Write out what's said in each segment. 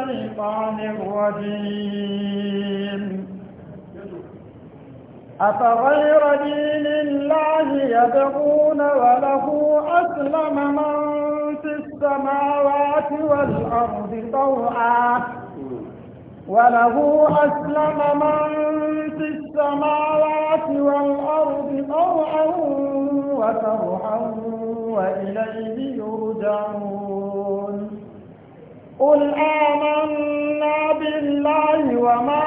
الشيطان الرجيم أفغير دين الله يبغون وله أسلم من في السماوات والأرض طوعا وله أسلم من في السماوات والأرض طوعا وكرها وإليه يرجعون قل آمنا بالله وما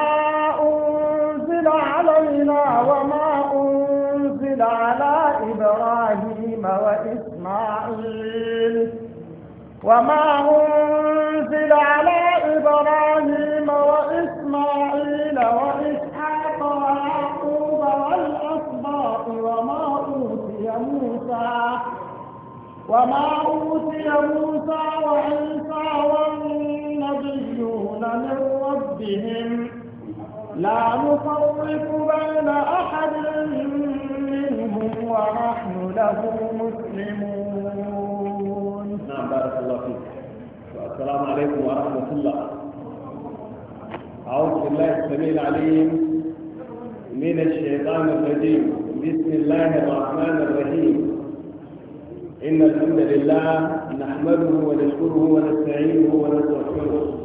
أنزل علينا وما أنزل على إبراهيم وإسماعيل وما أنزل على إبراهيم وإسماعيل وإسحاق ويعقوب والأسباط وما أوتي موسى وما أوتي موسى وعيسى لا نفرق بين أحد منهم ونحن له مسلمون نعم بارك الله فيك والسلام عليكم ورحمة الله أعوذ بالله السميع العليم من الشيطان الرجيم بسم الله الرحمن الرحيم إن الحمد لله نحمده ونشكره ونستعينه ونستغفره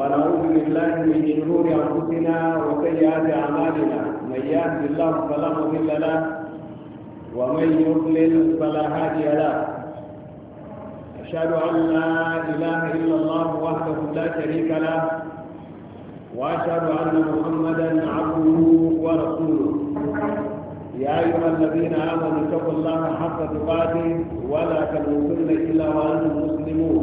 ونعوذ بالله من شرور انفسنا وسيئات اعمالنا من يهد الله فلا مضل له ومن يضلل فلا هادي له اشهد ان لا اله الا الله وحده لا شريك له واشهد ان محمدا عبده ورسوله يا ايها الذين امنوا اتقوا الله حق تقاته ولا تموتن الا وانتم مسلمون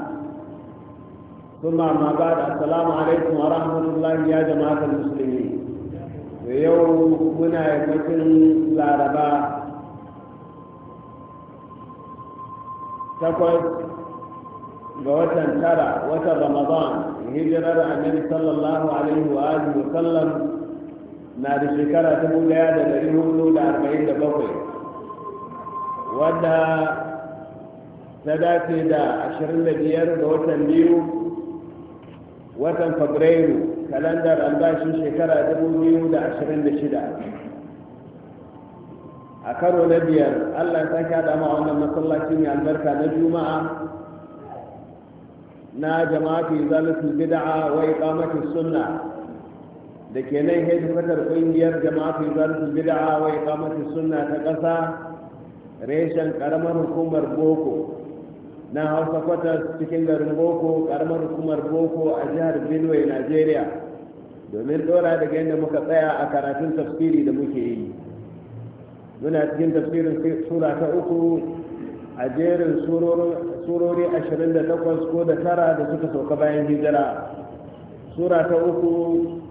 ثم ما بعد السلام عليكم ورحمة الله يا جماعة المسلمين ويوم هنا يمكن العرباء تقول ga watan tara watan ramadan hijirar annabi sallallahu alaihi wa alihi na da shekara dubu daya da dari da arba'in da bakwai wadda ta dace da ashirin da biyar ga watan biyu watan fabrairu kalandar an albashin shekara 2026 a karo na biyar allah ta haɗa ma wannan masallacin ya albarka na juma'a na jama'atu zalatul bid'a wa iqamati sunna da ke nan hedikwatar ƙungiyar jama'atu zalatul bid'a wa iqamati sunna ta ƙasa reshen ƙaramar hukumar boko na hausa kwatas cikin garin boko karamar hukumar boko a jihar benue nigeria domin dora daga yadda muka tsaya a karatun tafsiri da muke yi muna cikin tafsirin sura ta uku a jerin surori 28 ko da tara da suka sauka bayan hijira sura ta uku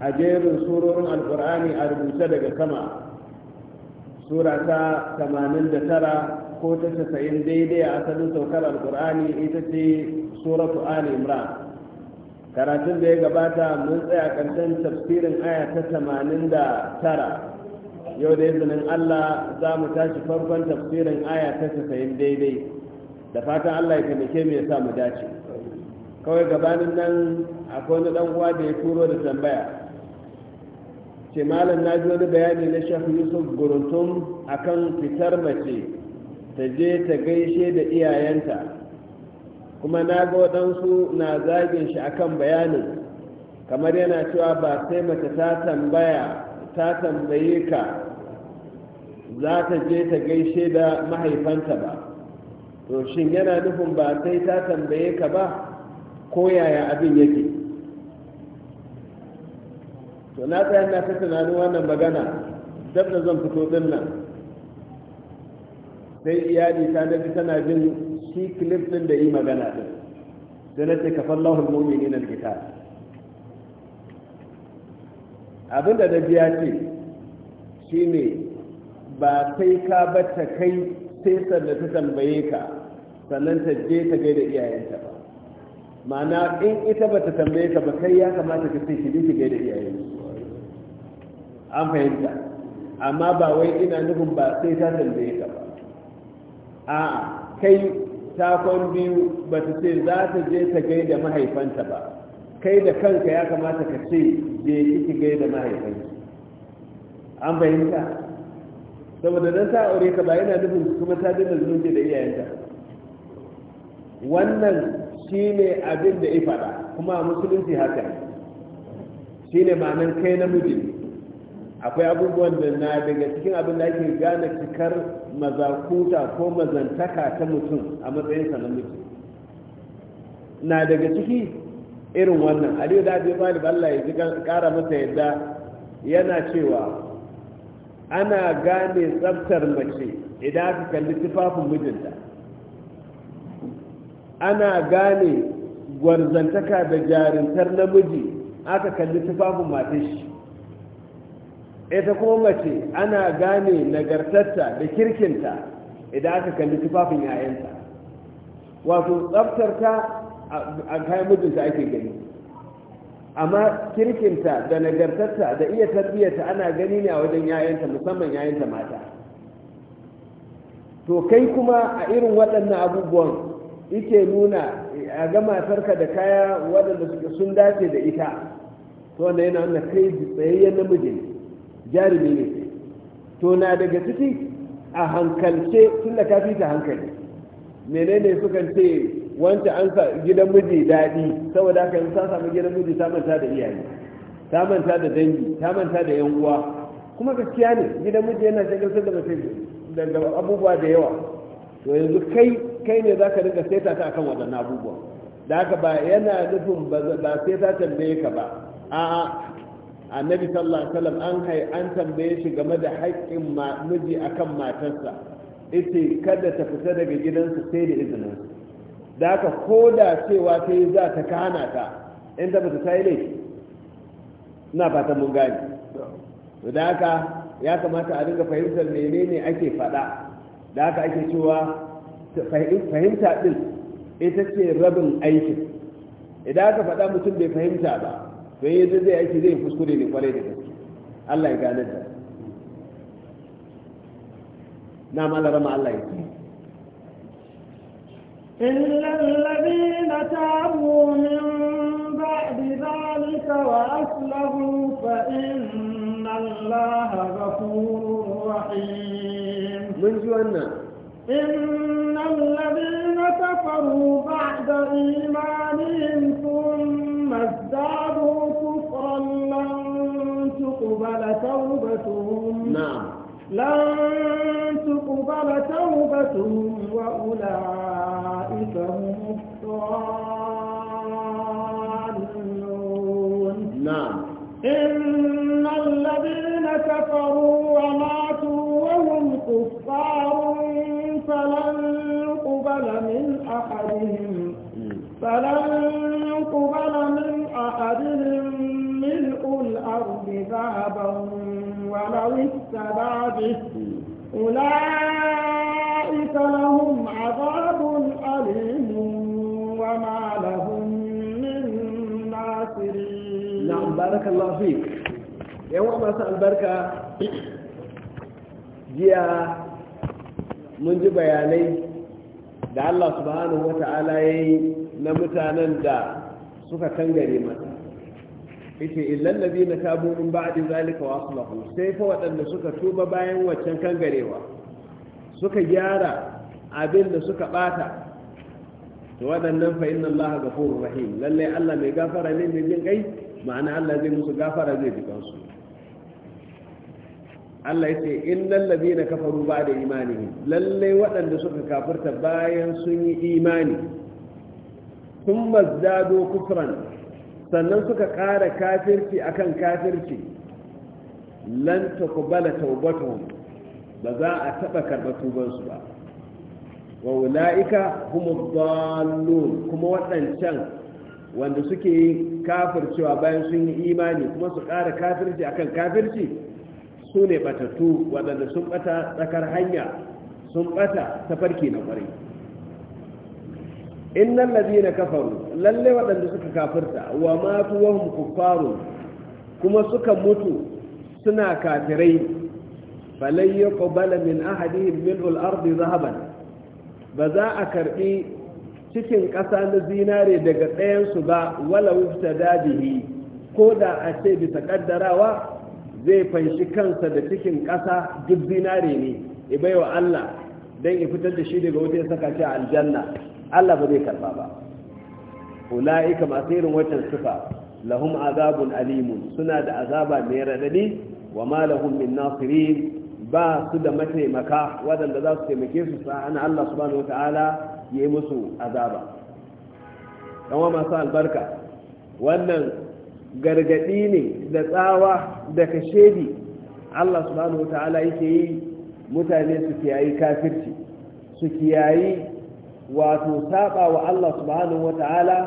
a jerin surorin alkur'ani a rubuce daga sama sura ta 89 ko ta casa'in daidai a asalin saukar alkur'ani ita ce suratu ali imran karatun da ya gabata mun tsaya karshen tafsirin aya ta tamanin da tara yau da izinin allah za mu tashi farkon tafsirin aya ta casa'in daidai da fatan allah ya taimake mu ya sa mu dace kawai gabanin nan akwai wani dan uwa da ya turo da tambaya ce malam na ji wani bayani na shafi yusuf guruntum akan fitar mace ta je ta gaishe da iyayenta kuma na ga waɗansu na zagin shi akan bayanin kamar yana cewa ba sai mace ta tambaya ta tambaye ka za ta je ta gaishe da mahaifanta ba to shin yana nufin ba sai ta tambaye ka ba ko yaya abin yake to na tsaye na ta tunanin wannan magana dab da zan fito din sai iyali ta nabi tana bin shi clip din da yi magana din sai na ce kafallahu almu'minina alqital abinda da biya ce shine ba sai ka bata kai sai sanda ta tambaye ka sannan ta je ta gaida iyayenta ba ma'ana in ita ba ta tambaye ka ba kai ya kamata ka sai shiri ki gaida iyayenta an fahimta amma ba wai ina nufin ba sai ta tambaye ka ba A'a, kai takon biyu ba ta ce za ta je ta gaida mahaifanta ba kai da kanka ya kamata ka ce je kiki gaida mahaifanta. an fahimta saboda don ta aure ka ba yana nufin kuma ta dina zunubi da iyayenta wannan shi ne abin da ya kuma a musulunci haka shine ma'anin kai namiji akwai abubuwan da na daga cikin abin da ake gane cikar mazakuta ko mazantaka ta mutum a matsayinsa na na daga ciki irin wannan aliyu da abin malib allah ya ji kara masa yadda yana cewa ana gane tsaftar mace idan aka kalli tufafin mijinta ana gane gwarzantaka da jarintar namiji aka kalli tufafin matashi ita kuma mace ana gane nagartarta da kirkinta idan aka kalli tufafin yayanta wato tsaftarta a kayan mijinta ake gani amma kirkinta da nagartarta da iya tarbiyyarta ana gani ne a wajen yayanta musamman yayanta mata to kai kuma a irin waɗannan abubuwan ike nuna a ga matarka da kaya waɗanda sun dace da ita to wanda yana nuna kai tsayayyen namiji ne jarumi ne to na daga ciki a hankalce tun da kafi ta hankali menene sukan ce wancan an sa gidan miji daɗi saboda haka ta samu gidan miji ta manta da iyaye ta manta da dangi ta manta da yan uwa kuma gaskiya ne gidan miji yana shagaltar da mace daga abubuwa da yawa to yanzu kai kai ne zaka rinka saita ta akan waɗannan abubuwa da haka ba yana nufin ba sai ta tambaye ka ba a'a annabi sallallahu alaihi wasallam an hai an tambaye shi game da haƙƙin miji akan matarsa ita kada ta fita daga gidansa sai da izinin da haka ko da cewa ta yi za ta kana ta in ta bata ta yi laifi ina fatan mun gane da haka ya kamata a dinga fahimtar menene ake faɗa da haka ake cewa fahimta din ita ce rabin aikin idan aka faɗa mutum bai fahimta ba don yi zai aiki zai kuskure ne kwarai da gaske allah ya gane da na malara ma allah ya ce illallabi na tabo min ba'di zalika wa aslahu fa inna allah ghafurur rahim mun ji wannan inna allabi na tafaru ba'da imanin sun mazdar لن تقبل توبتهم وأولئك هم الضالون نعم إن الذين كفروا وماتوا وهم كفار فلن يقبل من أحدهم فلن يقبل من أحدهم ملء الأرض ذهبا ولو اتبع أولئك لهم عذاب أليم وما لهم من ناصرين نعم بارك الله فيك يا وما سأل jiya جيا من جبياني da Allah subhanahu wa ta'ala ya yi na mutanen da suka kangare mata yace illal ladina tabu min ba'di zalika wa aslahu sai fa waɗanda suka tuba bayan waccan kangarewa suka gyara abin da suka ɓata, to waɗannan fa inna allaha ghafurur rahim Lallai Allah mai gafara ne mai jin kai ma'ana Allah zai musu gafara zai ji kansu Allah ya ce yace innal ladina kafaru da imanihim lallai waɗanda suka kafirta bayan sun yi imani thumma zadu kufran sannan suka ƙara kafirci akan kafirci lan taqbala taubatun ba za a taɓa karɓar tubansu ba wa wula'ika kuma dallun kuma waɗancan wanda suke yi kafircewa bayan sun yi imani kuma su ƙara kafirci akan kafirci su ne ɓatattu waɗanda sun ɓata tsakar hanya sun ɓata tafarki na ƙwarai innal ladina kafaru lalle waɗanda suka kafirta wa matu wa kuffaru kuma suka mutu suna kafirai falai yuqbala min ahadihim mil'ul ardi zahaban ba za a karbi cikin ƙasa na zinare daga ɗayansu ba wala wufta dabihi ko da a ce bisa ƙaddarawa zai fanshi kansa da cikin ƙasa duk zinare ne wa Allah don ya fitar da shi daga wuta ya saka shi a aljanna Allah ba zai karba ba ula'ika masu irin waccan sifa lahum azabun alimun suna da azaba mai radadi wa ma lahum min nasirin ba su da mataimaka waɗanda za su taimake su sa ana Allah subhanahu wataala ya yi musu azaba Kama masu albarka wannan gargaɗi ne da tsawa da kashedi Allah subhanahu ta'ala yake yi mutane su kiyayi kafirci su kiyayi wato saba wa Allah subhanahu ta'ala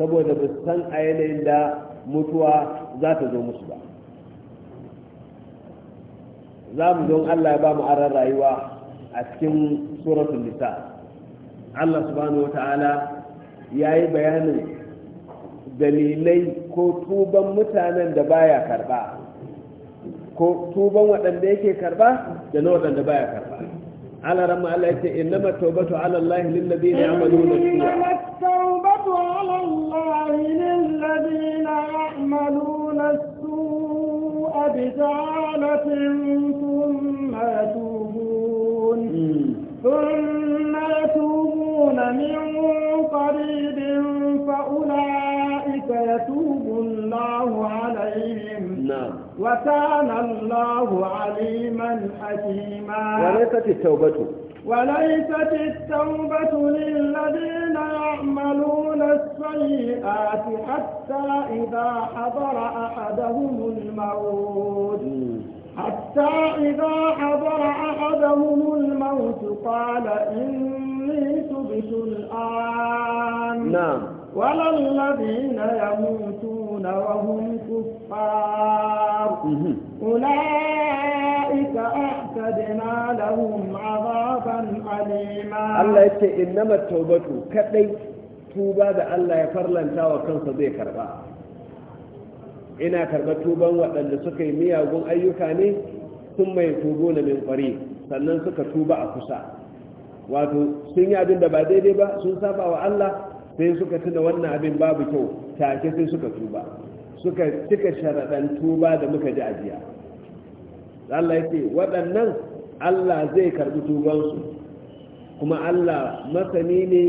saboda ba su san a yanayin da mutuwa za ta zo musu ba za mu don Allah ya ba mu rayuwa a cikin suratun nisa Allah subhanahu ta'ala ya yi bayanin dalilai ko tuban mutanen da baya karba ko tuban waɗanda yake karba da na waɗanda baya karba على رمى الله إنما التوبة على الله للذين يعملون السوء إنما التوبة على الله للذين يعملون السوء بجعالة ثم يتوبون ثم يتوبون من قريب فأولئك يتوب الله عليهم نعم وكان الله عليما حكيما وليست التوبة وليست التوبة للذين يعملون السيئات حتى إذا حضر أحدهم الموت حتى إذا حضر أحدهم الموت قال إني تبت الآن نعم ولا الذين يموتون المنافقون وهم كفار أولئك أعتدنا لهم عذابا أليما الله يقول إنما التوبة كتلي توبة الله يفر لن تاوى كن صديق كربا إنا كربا توبة وأن سكي ميا وقل أيوكاني ثم يتوبون من قريب sannan suka tuba a kusa wato sun yi abin da ba daidai ba sun saba wa Allah sai suka tuna wannan abin babu kyau take sai suka tuba suka cika sharaɗan tuba da muka ji ajiya Allah yake waɗannan Allah zai karɓi tubansu kuma Allah masani ne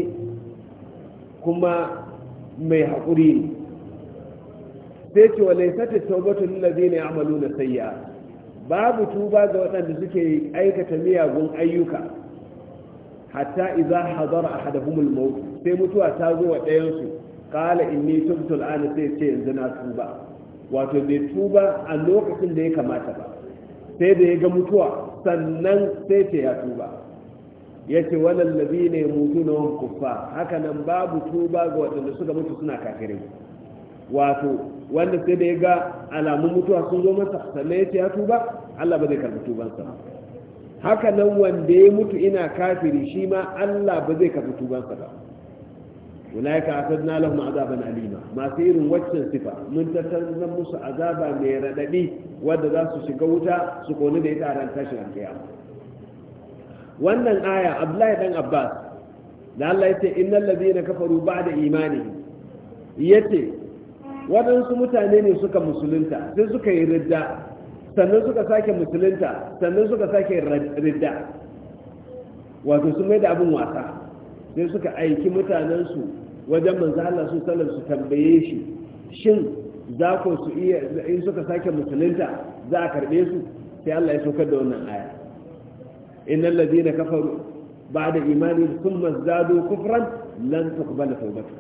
kuma mai haƙuri ne sai ce wale sata taubatun lalazi ne amalu na sayya babu tuba ga waɗanda suke aikata miyagun ayyuka hatta idza hadara al maut sai mutuwa ta zo wa ɗayan su qala inni tubtu al-an sai ce yanzu na tuba wato bai tuba a lokacin da ya kamata ba sai da ya ga mutuwa sannan sai ce ya tuba yace wal ladina yamutuna wa kufa haka nan babu tuba ga waɗanda suka mutu suna kafire wato wanda sai da ya ga alamun mutuwa sun zo masa sannan ce ya tuba Allah ba zai karɓi tubansa haka nan wanda ya mutu ina kafiri shi ma Allah ba zai karɓi tubansa ba ulaika asadna lahum azaban alima masu irin waccan sifa mun tattalin musu azaba mai radadi wanda za su shiga wuta su koni da ita a ran tashin alkiyama wannan aya Abdullahi dan Abbas da Allah yace innal ladina kafaru ba'da imani yace wadansu mutane ne suka musulunta sai suka yi ridda sannan suka sake musulunta sannan suka sake ridda wato sun mai da abin wasa sai suka aiki mutanensu wajen manzo Allah su sallar su tambaye shi shin za ku su iya in suka sake musulunta za a karbe su sai Allah ya saukar da wannan aya innal ladina kafaru ba'da imani thumma zadu kufran lan tuqbala tawbatu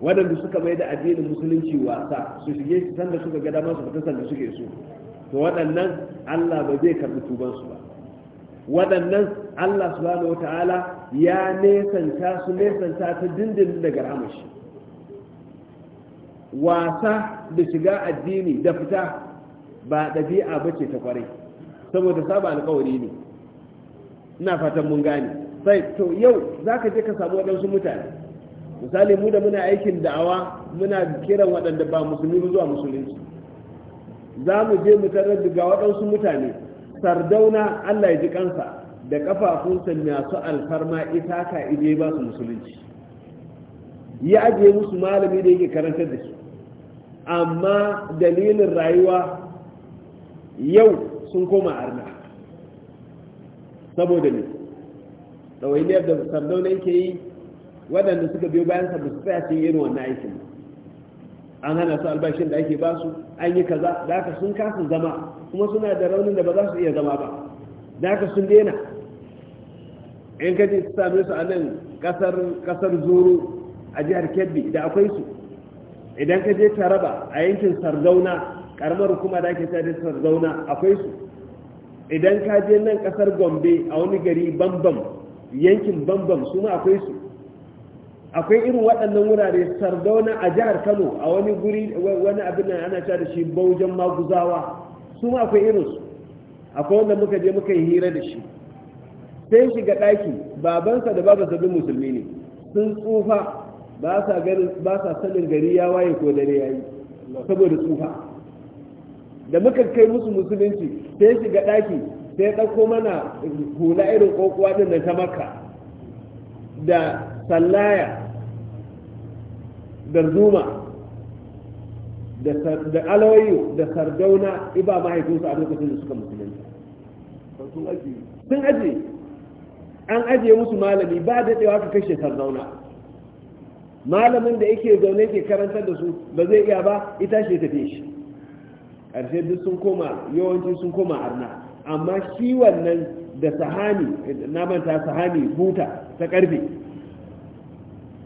wadanda suka mai da addinin musulunci wasa su shige su sanda suka ga dama su fita sanda suke so to waɗannan Allah ba zai karɓi tubansu ba waɗannan Allah subhanahu wata'ala ya nesanta su nesanta ta dindin daga ramashi wasa da shiga addini da fita ba ɗabi'a ba ce ta kwarai saboda saba alkawari ne ina fatan mun gane sai to yau za ka je ka samu waɗansu mutane misali mu da muna aikin da'awa muna kiran waɗanda ba musulmi zuwa musulunci za mu je mu tarar daga waɗansu mutane sardauna Allah ya ji kansa da kafafunsa masu alfarma ita ka ije ba su musulunci ya ajiye musu malami da yake karantar da su amma dalilin rayuwa yau sun koma arna saboda ne ɗawainiyar da sardauna yake yi waɗanda suka biyo bayan sa su tsaya cikin irin wannan aikin an hana su albashin da ake basu an yi kaza da haka sun kasa zama kuma suna da raunin da ba za su iya zama ba da haka sun daina in ka ji same su a nan kasar kasar zuru a jihar kebbi da akwai su idan ka je taraba a yankin sardauna karamar kuma da ake tare sardauna akwai su idan ka je nan kasar gombe a wani gari bambam yankin bambam su ma akwai su akwai irin waɗannan wurare sardauna a jihar kano a wani guri wani abin nan ana cewa da shi baujan maguzawa su ma akwai irinsu akwai wanda muka je muka yi hira da shi sai shiga ɗaki babansa da babansa bin musulmi ne sun tsufa ba sa sanin gari ya waye ko dare yayi saboda tsufa da muka kai musu musulunci sai shiga ɗaki sai ya ɗauko mana hula irin ƙoƙuwa din da ta makka da sallaya darduma da alawayu da sardauna iba mahaifinsu a lokacin da suka musulunta sun aje an ajiye musu malami ba daɗewa ka kashe sardauna malamin da yake zaune ke karantar da su ba zai iya ba ita shi tafi shi ƙarshe duk sun koma yawanci sun koma arna amma shi wannan da sahani na manta sahani buta ta karfe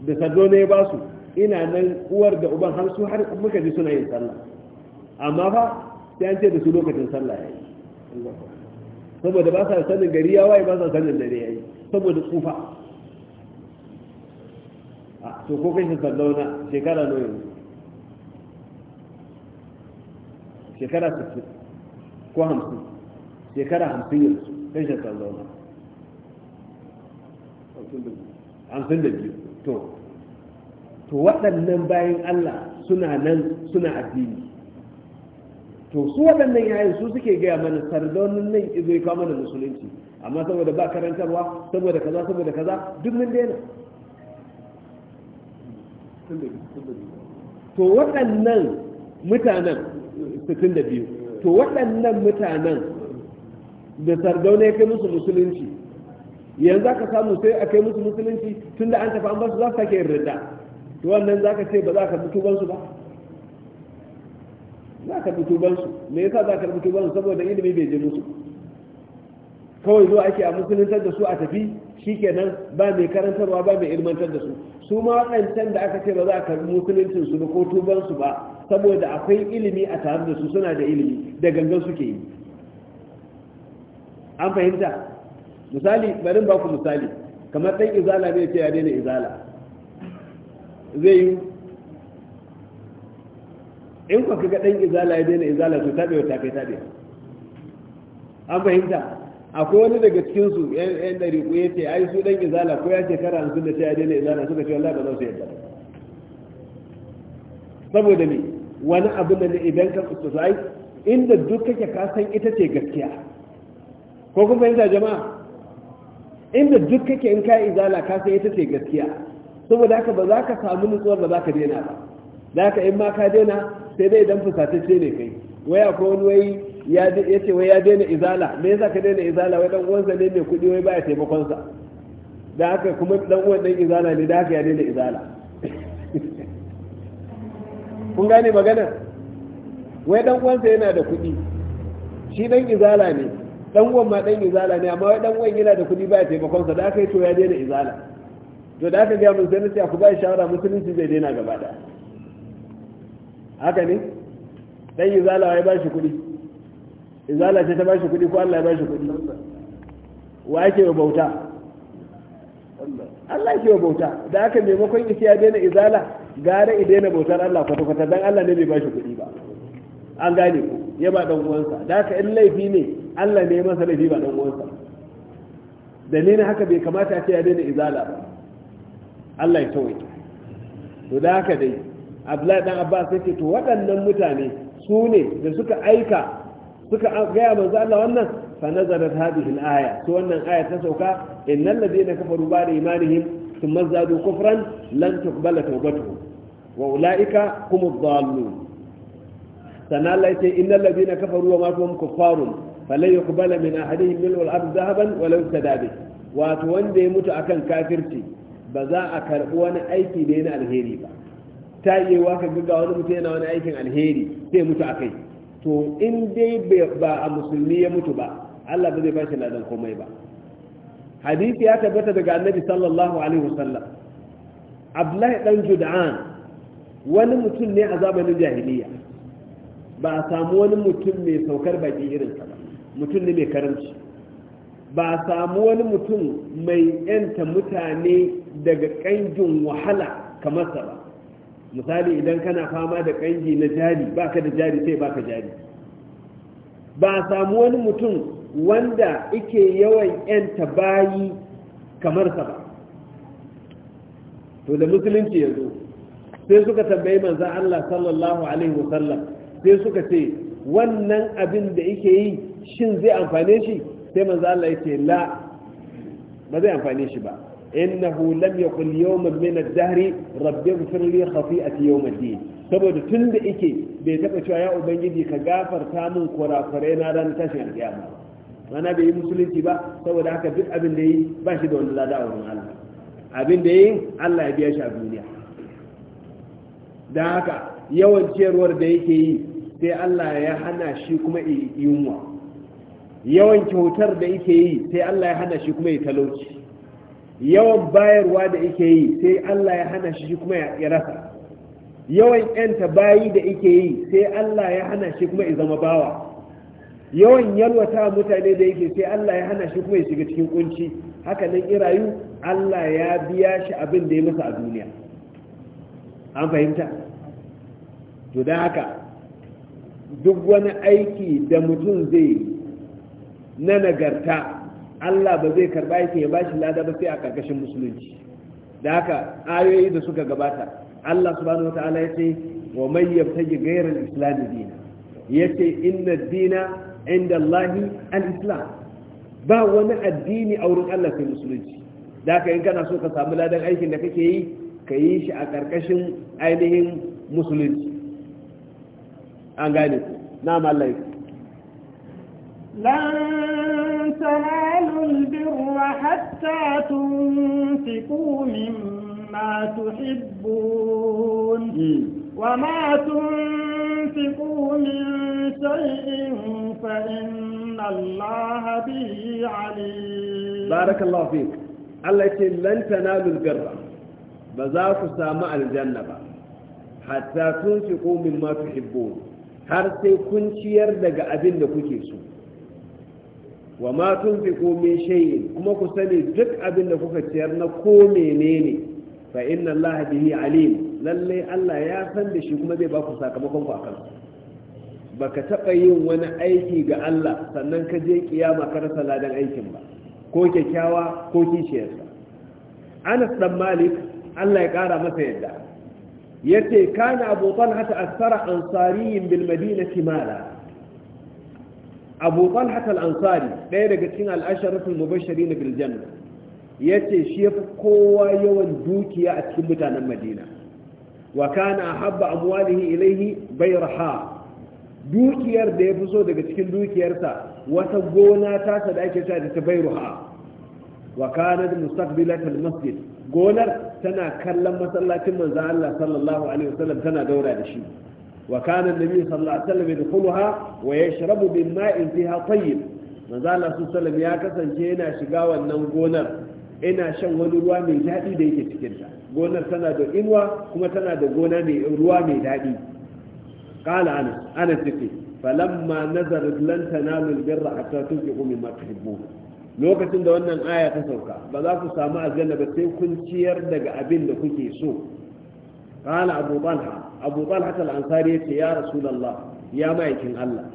da sardauna ya ba su ina nan uwar da uban har su har muka ji suna yin sallah amma fa sai an ce da su lokacin sallah yayi saboda ba sa sanin gari ya waye ba sa sanin dare yayi saboda tsufa a ah, to ko kai sallauna shekara nawa yanzu shekara 60 ko 50 shekara 50 yanzu kai da biyu to to waɗannan bayan Allah suna nan suna addini to su waɗannan yayin su suke gaya mana sardaunin nan izo ya kawo mana musulunci amma saboda ba karantarwa saboda kaza saboda kaza duk mun daina to waɗannan mutanen 62 to waɗannan mutanen da sardauna ya kai musu musulunci yanzu aka samu sai a kai musu musulunci tunda an tafi an ba su za su sake yin ridda to wannan zaka ce ba za ka bi tubansu ba za ka tubansu me yasa za ka bi tubansu saboda ilimi bai je musu kawai zo ake a musulunta da su a tafi shikenan ba mai karantarwa ba mai ilmantar da su su ma waɗancan da aka ce ba za ka karbi musuluncin su ko tubansu ba saboda akwai ilimi a tare da su suna da ilimi da gangan suke yi an fahimta misali bari ba ku misali kamar ɗan izala ne ya ce ya daina izala zai yi in ka kaga dan izala ya daina izala to tabewa ta kai tabewa an fahimta akwai wani daga cikin su yan dari ku yace ai su dan izala ko ya shekara hamsin da ya daina izala suka ce wallahi ba za su yadda saboda ne wani abu da ne idan ka su sai inda duk kake ka san ita ce gaskiya ko kun fahimta jama'a inda duk kake in ka izala ka san ita ce gaskiya saboda haka ba za ka samu nutsuwar ba za ka daina ba da haka in ma ka daina sai dai idan fusatacce ne kai wai akwai wani wai ya ce wai ya daina izala me yasa ka daina izala wai dan uwansa ne mai kuɗi wai baya taimakon sa da haka kuma dan uwan dan izala ne da haka ya daina izala kun gane magana wai dan uwansa yana da kuɗi shi dan izala ne dan uwan ma dan izala ne amma wai dan uwan yana da kuɗi baya taimakon sa da haka ya to ya daina izala to da aka gaya mun sai nace ku ba shawara musulunci zai daina gaba da haka ne dan izala ya bashi kuɗi izala ce ta bashi kuɗi ko Allah ya bashi kuɗi wa yake wa bauta Allah ke wa bauta da aka maimakon isi ya daina izala gara i daina bautar Allah kwata-kwata dan Allah ne bai bashi kuɗi ba an gane ku ya ba dan uwansa da aka in laifi ne Allah ne ya masa laifi ba dan uwansa dalilin haka bai kamata a ce ya daina izala ba Allah ya tawaita to da haka dai Abdullahi dan Abbas yake to waɗannan mutane su ne da suka aika suka gaya manzo Allah wannan fa nazarat hadhihi al-aya to wannan aya ta sauka innal ladina kafaru ba da imanihim thumma zadu kufran lan tuqbala tawbatuhum wa ulaika hum ad-dallun sana Allah yace innal ladina kafaru wa matu hum kuffarun falan yuqbala min ahadihim mil'ul ard dhahaban walau sadabi wato wanda ya mutu akan kafirci ba za a karɓi wani aiki da yana alheri ba ta yi wa ka ga wani mutum yana wani aikin alheri sai mutu a kai to in dai ba a musulmi ya mutu ba Allah ba zai shi ladan komai ba hadisi ya tabbata daga annabi sallallahu alaihi wasallam abdullahi dan jud'an wani mutum ne a zamanin jahiliya ba a samu wani mutum mai saukar baki irin ka ba mutum ne mai karamci ba samu wani mutum mai yanta mutane daga ƙangin wahala kamar sa ba misali idan kana fama da ƙangi na jari baka da jari sai baka jari ba samu wani mutum wanda ike yawan yanta bayi kamar sa ba to da musulunci ya zo sai suka tambayi manzan Allah sallallahu alaihi wasallam sai suka ce wannan abin da ike yi shin zai amfane shi sai manzo Allah yace la ba zai amfane shi ba innahu lam yaqul yawman min ad-dahr rabbi ighfir li khati'ati yawm ad-din saboda tunda yake bai taba cewa ya ubangiji ka gafarta min kurakurai na ran tashin kiyama mana bai yi musulunci ba saboda haka duk abin da yi ba shi da wani lada a wurin Allah abin da yi Allah ya biya shi a duniya don haka yawan ciyarwar da yake yi sai Allah ya hana shi kuma yunwa yawan kyautar da ike yi sai Allah ya hana shi kuma ya talauci yawan bayarwa da ike yi sai Allah ya hana shi kuma ya rasa yawan yanta bayi da ike yi sai Allah ya hana shi kuma ya zama bawa yawan yalwata mutane da yake sai Allah ya hana shi kuma ya shiga cikin kunci haka nan irayu Allah ya biya shi abin da ya masa a duniya an fahimta to don haka duk wani aiki da mutum zai na nagarta Allah ba zai karba yake ya bashi lada ba sai a karkashin musulunci da haka ayoyi da suka gabata Allah subhanahu wata'ala ya ce wa man yabtaji ghayra al-islam dina yace inna ad-dina inda Allah al-islam ba wani addini a wurin Allah sai musulunci da haka in kana so ka samu ladan aikin da kake yi ka yi shi a karkashin ainihin musulunci an gane ku na mallaka لن تنالوا البر حتى تنفقوا مما تحبون وما تنفقوا من شيء فإن الله به عليم بارك الله فيك التي لن تنالوا البر بذاك سامع الجنة حتى تنفقوا مما تحبون har sai kun ciyar daga abin da kuke so wa ma tunfiqu min shay'in kuma ku sani duk abin da kuka ciyar na ko menene fa inna allaha bihi alim lalle Allah ya san da shi kuma zai ba ku sakamakon ku akan baka taba yin wani aiki ga Allah sannan ka je kiyama ka rasa ladan aikin ba ko kyakkyawa ko kishiyarsa Anas dan Malik Allah ya kara masa yadda yace kana Abu Talha ta asara ansariyin bil madinati mala abu talhat al-ansari ɗaya daga cikin Mubashari na Biljan, ya ce shi yafi kowa yawan dukiya a cikin mutanen madina wa kana ahabba amwalihi bai raha dukiyar da ya fi so daga cikin dukiyarsa wata gona ta da ake da ta bayruha wa kana mustaqbilat al-masjid gonar tana kallon masallacin manzo Allah sallallahu alaihi wasallam tana daura da shi وكان النبي صلى الله عليه وسلم يدخلها ويشرب من ماء فيها طيب manzo Allah su sallam ya kasance yana shiga wannan gonar ina shan wani ruwa mai daɗi da yake cikin gonar tana da inuwa kuma tana da gona mai ruwa mai daɗi qala anas anas yake falamma nazarat lan tanalu albirra hatta tunfiqu mimma tuhibbun lokacin da wannan aya ta sauka ba za ku samu aljanna ba sai kun ciyar daga abin da kuke so قال أبو طلحة أبو طلحة الأنصاري Allah رسول الله يا مايكن الله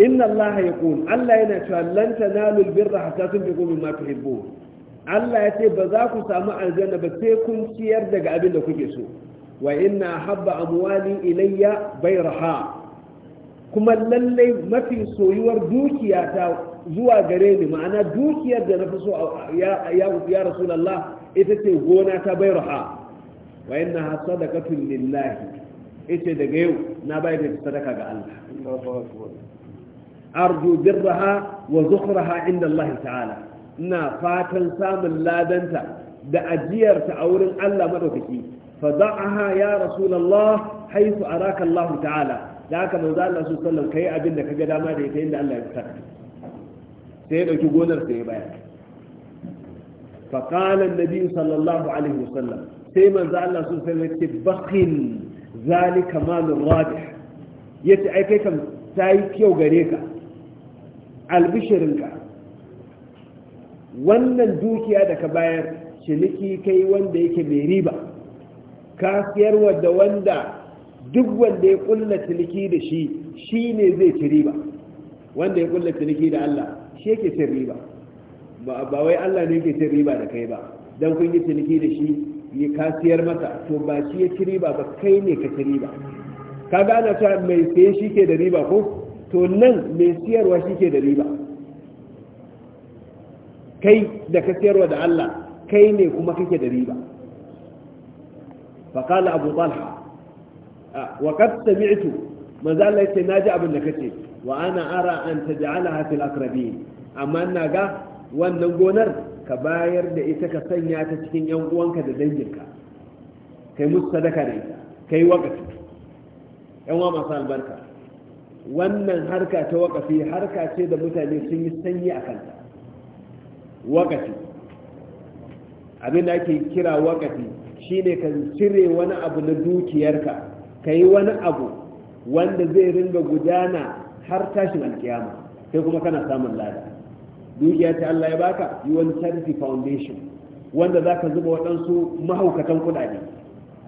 إن الله يقول الله ينشأ لن تنالوا البر حتى تنفقوا مما تحبون Allah ya ce ba za ku samu aljanna ba sai kun ciyar daga abin da kuke so wa inna habba amwali ilayya bayraha kuma lallai mafi soyuwar dukiyata zuwa gare ni ma'ana dukiyar da na fi so ya ya rasulullah ita ce gona ta bayraha wa inna ha lillahi ita daga yau na bayar da sadaka ga Allah arju birraha wa zukhraha inda Allah ta'ala ina fatan samun ladanta da ajiyarta a wurin Allah madaukaki fa da'aha ya rasulullah haythu araka Allah ta'ala da haka manzo Allah su sallam kai abin da kaga dama da ita inda Allah ya saka sai ya dauki gonar sai ya bayar fa qala an-nabi sallallahu alaihi wasallam sai manzo Allah sun sai ya ce bakin zalika malun rabih yace ai kai kam tayi kyau gare ka Albishirin ka, wannan dukiya da ka bayar ciniki kai wanda yake mai riba ka siyarwa da wanda duk wanda ya kulla ciniki da shi shi ne zai ci riba wanda ya kulla ciniki da Allah shi yake cin riba ba wai Allah ne yake cin riba da kai ba don kun yi ciniki da shi ya kasiyar masa to ba shi ya ci riba ba kai ne ka ci riba ka gana ta mai saye shi ke da riba ko to nan mai siyarwa shi ke da riba kai da ka siyarwa da Allah kai ne kuma kake da riba faƙala abu talha wa kad sami'tu manzo Allah na ji abin da kace wa ana ara an taj'alaha fil aqrabin amma ina ga wannan gonar ka bayar da ita ka sanya ta cikin yan uwanka da danginka kai musu sadaka da ita kai wakafi yan uwa masu albarka wannan harka ta wakafi harka ce da mutane sun yi sanyi a kanta wakafi abin da ake kira wakafi shine ka cire wani abu na dukiyarka ka yi wani abu wanda zai ringa gudana har tashin alkiyama sai kuma kana samun lada dukiya ta Allah ya baka yi wani charity foundation wanda za ka zuba waɗansu mahaukatan kuɗaɗe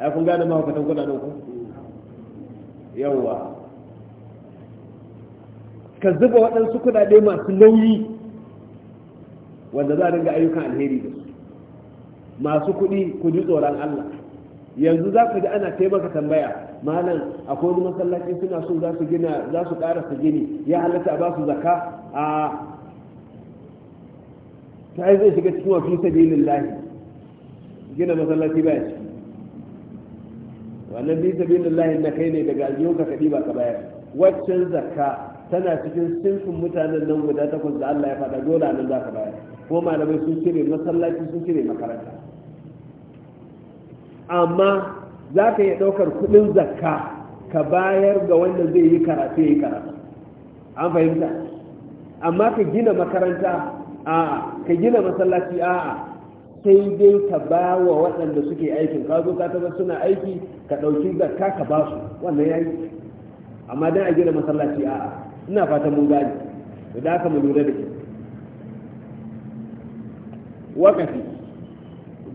a kun gane mahaukatan kudade ku yawwa ka zuba waɗansu kuɗaɗe masu nauyi wanda za a dinga ayyukan alheri da su masu kuɗi ku ji tsoron Allah yanzu za ku ji ana taimaka tambaya malam akwai wani masallaci suna so za su gina za su ƙara su gini ya halatta a ba su zaka a ta yi zai shiga cikin wafi sabilin lahi gina masallaci ba ciki wannan bi sabilin lahi na kai ne daga ka kaɗi ba ka bayar waccan zakka tana cikin sinfin mutanen nan guda takwas da Allah ya faɗa dole nan za ka bayar ko malamai sun cire masallaci sun cire makaranta amma za ka iya ɗaukar kuɗin zakka ka bayar ga wanda zai yi karatu ya yi karatu an fahimta amma ka gina makaranta a'a ka gina masallaci a'a sai dai ka ba wa waɗanda suke aikin ka zo ka tabbata suna aiki ka ɗauki da ka ba su wannan yi amma dan a gina masallaci a'a ina fatan mun gane da haka mu lura da shi wakafi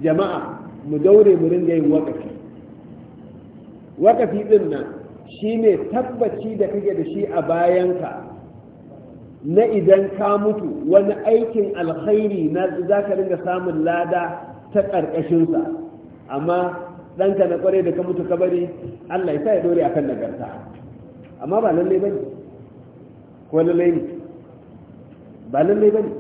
jama'a mu daure mu ringa yin wakafi wakafi din nan shine tabbaci da kake da shi a bayanka na idan ka mutu wani aikin alkhairi na za ka ringa samun lada ta ƙarƙashinsa amma ɗanka na kware da ka mutu ka bari allah ya sa ya dore a kan nagarta amma ba lallai ba ne ko lallai ne ba lallai ba ne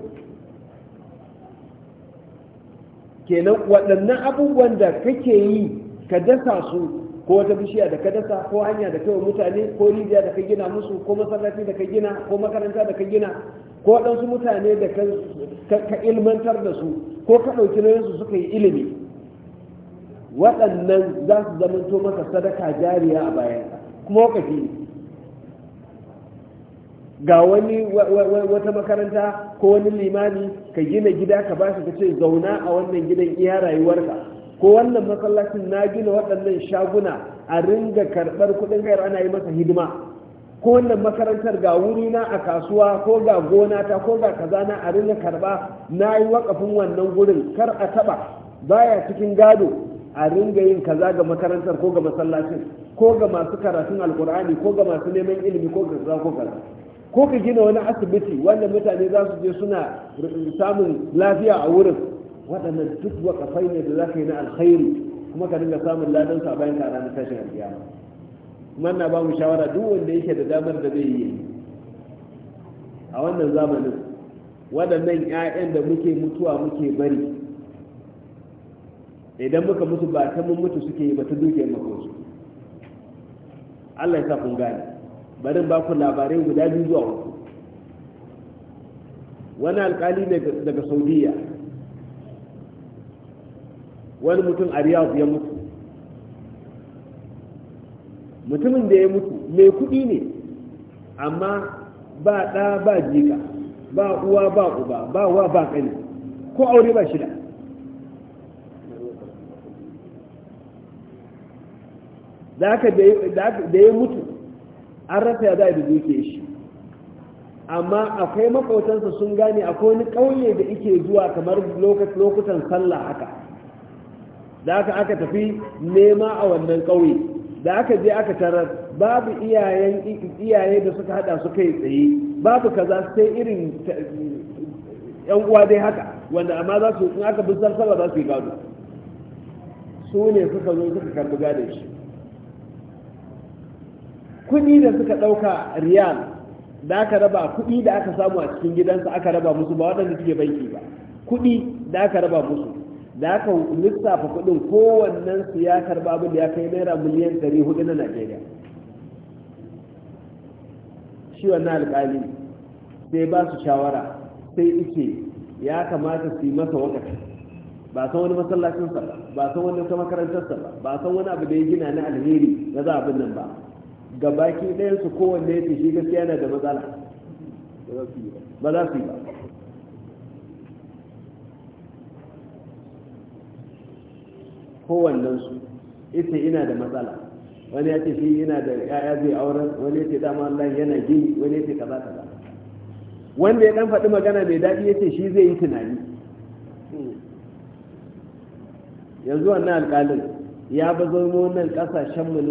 kenan waɗannan abubuwan da kake yi ka dasa su ko wata bishiya da ka dasa ko hanya da kai mutane ko rijiya da ka gina musu ko masallaci da ka gina ko makaranta da ka gina ko waɗansu mutane da ka ilmantar da su ko ka ɗauki nauyinsu suka yi ilimi waɗannan za su zamanto maka sadaka jariya a bayan kuma wakafi ga wani wata makaranta ko wani limami ka gina gida ka ba shi ka ce zauna a wannan gidan iya rayuwarka ko wannan masallacin na gina waɗannan shaguna a ringa karɓar kuɗin gayar ana yi masa hidima ko wannan makarantar ga wuri na a kasuwa ko ga gona ta ko ga kaza na a ringa karɓa na yi wakafin wannan gurin kar a taɓa baya cikin gado a ringa yin kaza ga makarantar ko ga masallacin ko ga masu karatun alkur'ani ko ga masu neman ilimi ko ga kaza ko kaza ko ka gina wani asibiti wanda mutane za su je suna samun lafiya a wurin waɗannan duk waƙafai ne da za ka yi na alkhairi kuma ka dinga samun ladan sa bayan ka ranar tashin alƙiyama kuma ina ba mu shawara duk wanda yake da damar da zai yi a wannan zamanin waɗannan 'ya'yan da muke mutuwa muke bari idan muka mutu ba ta mun mutu suke yi ba ta dukiyar makonsu Allah ya sa kun gane bari ba ku labarai guda biyu zuwa uku wani alkali daga saudiya wani mutum a riyadu ya mutu mutumin da ya mutu mai kuɗi ne amma ba ɗa ba jika ba uwa ba uba ba wa ba ƙani ko aure ba shida da aka da ya mutu an rasa ya za da duke shi amma akwai maƙotansa sun gane akwai wani ƙauye da ike zuwa kamar lokutan sallah haka da aka aka tafi nema a wannan ƙauye da aka je aka tarar babu iyayen iyaye da suka hada su kai tsaye babu kaza sai irin yan uwa dai haka wanda amma za su in aka bi sarsawa za su yi gado su ne suka zo suka karbi gadon shi kuɗi da suka ɗauka riyal da aka raba kuɗi da aka samu a cikin gidansa aka raba musu ba waɗanda suke banki ba kuɗi da aka raba musu da aka lissafa kudin kowannen su ya karba abin da ya kai naira miliyan 400 hudu na najeriya shi wannan alƙali sai ba su shawara sai ike ya kamata su yi masa wakafi ba san wani masallacinsa ba ba san wani ta makarantarsa ba ba san wani abu da ya gina na alheri na za abin nan ba ga baki ɗayansu kowanne ya ce shi gaskiya na da matsala ba za su yi ba kowannen su ita ina da matsala wani ya ce shi yana da ya'ya zai auren wani ya ce dama Allah yana gini wani ya ce kaza kaza wanda ya dan faɗi magana mai daɗi ya ce shi zai yi tunani yanzu wannan alƙalin ya zama wannan mu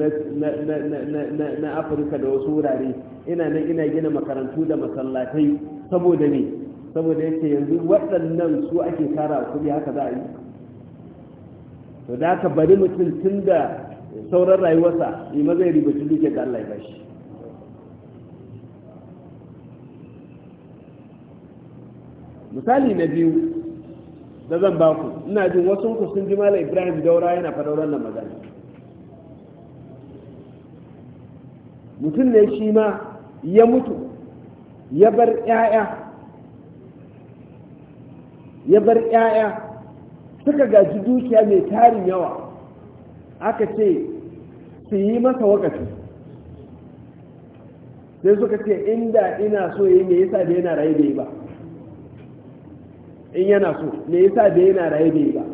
na afirka da wasu wurare ina nan ina gina makarantu da masallatai saboda ne saboda yake yanzu waɗannan su ake tara kuɗi haka za a yi to da ka bari mutum tun da sauran rayuwarsa yi maza ya ribaci duke da Allah ya bashi misali na biyu da zan ba ku ina jin wasu ku sun ji mala ibrahim daura yana faɗa wannan magana mutum ne shi ma ya mutu ya bar 'ya'ya ya bar 'ya'ya suka gaji dukiya mai tarin yawa aka ce su yi masa wakati, sai suka ce inda ina so yi me yasa da yana raye da yi ba in yana so me yasa da yana raye da yi ba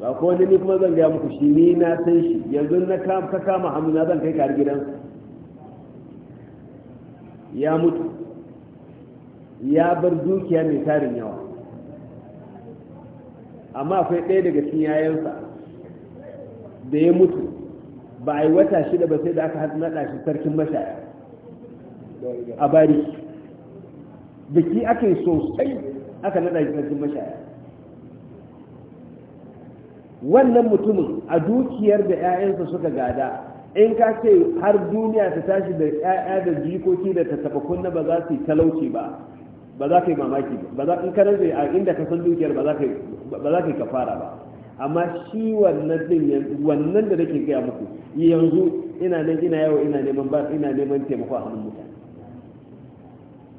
ba ko wani ni kuma zan gaya muku shi ni na san shi yanzu na ka kama hannu na zan kai kari gidansu ya mutu ya bar dukiya mai tarin yawa amma akwai ɗaya daga cikin yayansa da ya mutu ba a yi wata shida ba sai da aka naɗa shi sarkin mashaya a bari biki aka yi sosai aka naɗa shi sarkin mashaya wannan mutumin a dukiyar da 'ya'yansa suka gada in ka ce har duniya ta tashi da 'ya'ya da jikoki da ta taba kunna ba za su yi talauci ba ba za ka yi mamaki ba za in ka rantse a inda ka san dukiyar ba za ka ka yi kafara ba amma shi wannan din wannan da nake gaya muku yanzu ina nan ina yawo ina neman ba ina neman taimako a hannun mutane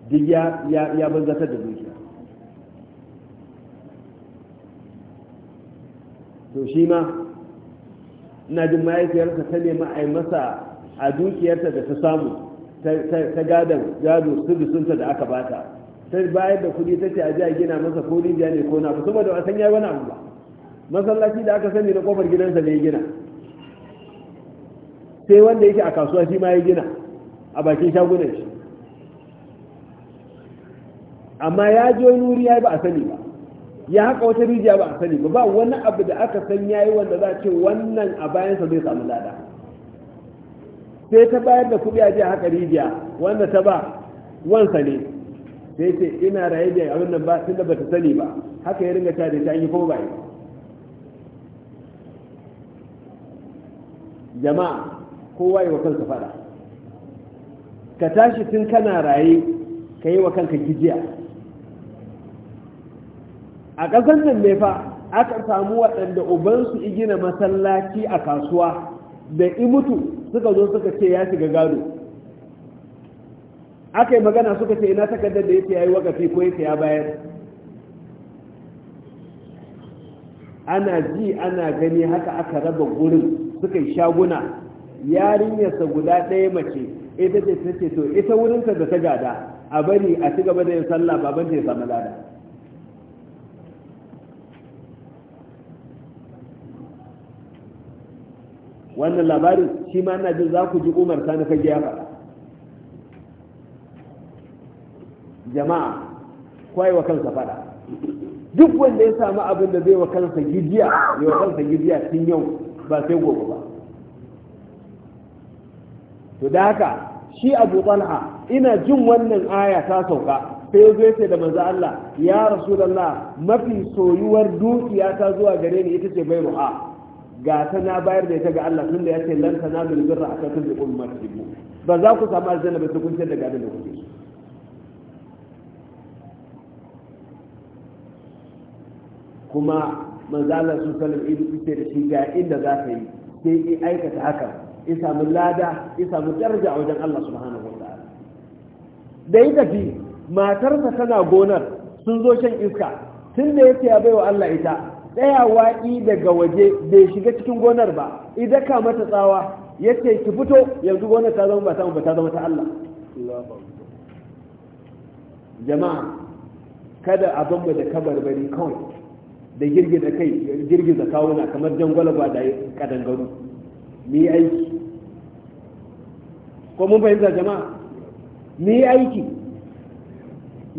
duk ya ya banzatar da dukiya to shi ma ina jin mahaifiyarsa ta nema a yi masa a dukiyarta da ta samu ta gadon gado su da aka bata Sai bayar da kuɗi ta ce a jiya gina masa ko rijiya ne ko na ku saboda a san yayi wani abu ba masallaci da aka sani na kofar gidansa ne ya gina sai wanda yake a kasuwa shi ma ya gina a bakin shagunan shi amma ya ji wani wuri ya yi ba a sani ba ya haka wata rijiya ba a sani ba ba wani abu da aka san ya yi wanda za a ce wannan a bayansa zai samu lada sai ta bayar da kuɗi a jiya haka rijiya wanda ta ba wansa ne sai ce ina raye da abin nan ba tunda bata sani ba haka ya ringa ta da ta yi ko ba jama'a kowa yi wa kansa fada ka tashi tun kana raye ka yi wa kanka gijiya a ƙasar nan ne fa aka samu waɗanda ubansu igina masallaci a kasuwa da imutu suka zo suka ce ya shiga gado aka yi magana suka ce ina takardar da yake ya yi wakafi ko yake ya bayar ana ji ana gani haka aka raba gurin suka yi shaguna yarinyarsa guda ɗaya mace ita ce ta ce to ita wurinta da ta gada a bari a ci gaba da yin sallah ban ta samu lada wannan labarin shi ma ina jin za ku ji umar ta na fage ya jama'a kwai wa kansa fada duk wanda ya samu abin da zai wa kansa gijiya ya wa kansa gijiya tun yau ba sai gobe ba to da haka shi abu talha ina jin wannan aya ta sauka sai zo sai da manzo Allah ya rasu rasulullah mafi soyuwar dukiya ta zuwa gare ni ita ce bai ru'a ga ta na bayar da ita ga Allah tunda yace lan tanalu birra hatta tunfiqu mimma ba za ku samu aljanna ba sai kun ce daga da kuke kuma manzalar su salim idu ita da shi ga inda za ka yi sai ya aikata haka in samu lada in samu daraja a wajen Allah subhanahu wa ta'ala da ita tafi matarsa tana gonar sun zo shan iska tun da yake ya baiwa Allah ita tsayawa waki daga waje bai shiga cikin gonar ba idan ka mata tsawa yace ki fito yanzu gonar ta zama ba ta ba ta zama ta Allah jama'a kada a bamba da kabarbari kawai da girgiza kai girgiza kawuna kamar jangwalaba da kadangaru mu yi aiki ko mun fahimta jama'a mu yi aiki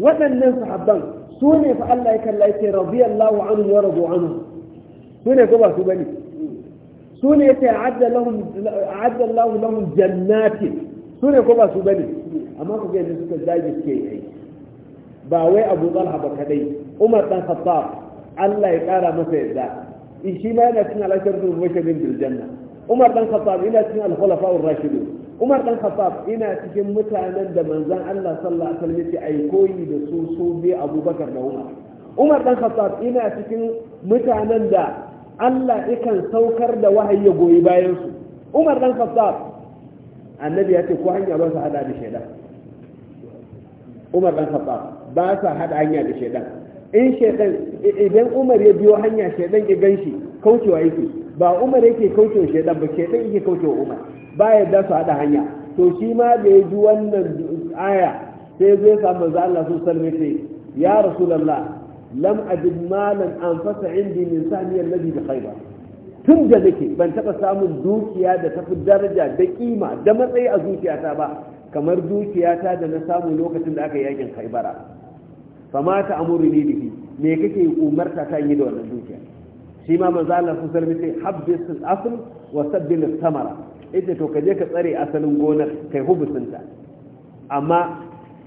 waɗannan sahabban su ne fa Allah ya kalla yake radiyallahu anhu wa radu anhu su ne ko ba su bane su ne yake adda lahum adda Allah lahum jannati su ne ko ba su bane amma ku ga suka dage suke yi ba wai Abu Talha ba kadai Umar dan Khattab Allah ya ƙara masa yadda shi ma yana cikin al'ashar da mubashirin bil janna Umar dan Khattab ina cikin al-khulafa ar-rashidun Umar dan Khattab ina cikin mutanen da manzon Allah sallallahu alaihi wasallam yace ai koyi da su su bi Abubakar da Umar Umar dan Khattab ina cikin mutanen da Allah yakan saukar da wahayi ya goyi bayan su Umar dan Khattab annabi ya ce ko hanya ba su hada da shaidan Umar dan Khattab ba sa hada hanya da shaidan in shaidan idan umar ya biyo hanya shaidan ya ganshi kaucewa yake ba umar yake kaucewa shaidan ba shaidan yake kaucewa umar ba yadda su haɗa hanya to shi ma da ya ji wannan aya sai zai samu za Allah su sarri ce ya rasulullah lam ajid malan anfasa indi min sahmi alladhi bi khaybar tun da nake ban taɓa samun dukiya da tafi daraja da kima da matsayi a zuciyata ba kamar dukiyata da na samu lokacin da aka yi yakin khaybara fa ta amuru ni bihi me kake umarta ta yi da wannan dukiya shi ma manzo Allah sun sarbi sai habbis al-asl wa sabbil samara ita to kaje ka tsare asalin gonar kai hubusinta amma